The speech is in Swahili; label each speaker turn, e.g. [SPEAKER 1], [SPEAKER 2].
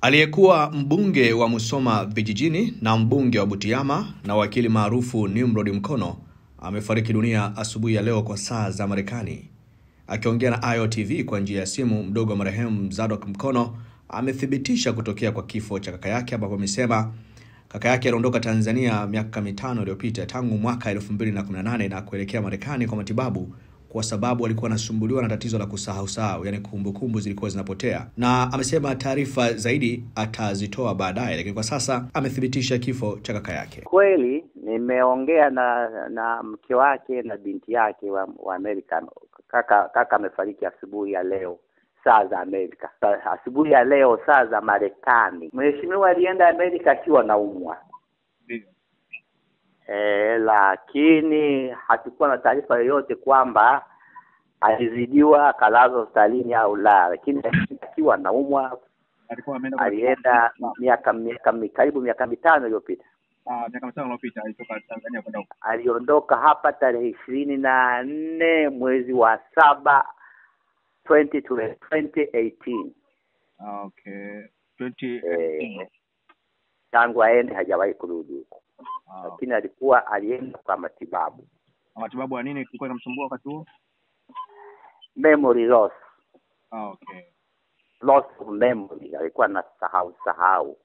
[SPEAKER 1] Aliyekuwa mbunge wa Musoma Vijijini na mbunge wa Butiama na wakili maarufu Nimrod Mkono amefariki dunia asubuhi ya leo kwa saa za Marekani. Akiongea na Ayo TV kwa njia ya simu, mdogo wa marehemu Zadok Mkono amethibitisha kutokea kwa kifo cha kaka yake, ambapo amesema kaka yake aliondoka Tanzania miaka mitano iliyopita tangu mwaka 2018 na kuelekea Marekani kwa matibabu kwa sababu alikuwa anasumbuliwa na tatizo la kusahausahau, yani kumbukumbu zilikuwa zinapotea, na amesema taarifa zaidi atazitoa baadaye, lakini kwa sasa amethibitisha kifo cha kaka yake.
[SPEAKER 2] Kweli nimeongea na na mke wake na binti yake wa, wa Amerika. Kaka kaka amefariki asubuhi ya leo saa za Amerika, asubuhi ya leo saa za Marekani. Mheshimiwa alienda Amerika akiwa naumwa lakini hatukuwa na taarifa yoyote kwamba alizidiwa akalazwa hospitalini au la, lakini akiwa anaumwa alienda miaka miaka karibu miaka mitano iliyopita.
[SPEAKER 1] Ah, miaka mitano iliyopita alitoka Tanzania kwenda huko.
[SPEAKER 2] Aliondoka hapa tarehe ishirini na nne mwezi wa saba 2018. Ah, okay. 2018. Eh, tangu aende hajawahi kurudi huko wow. lakini alikuwa alienda kwa matibabu matibabu ya nini kilikuwa inamsumbua wakati huo memory loss oh, okay loss of memory alikuwa na sahau sahau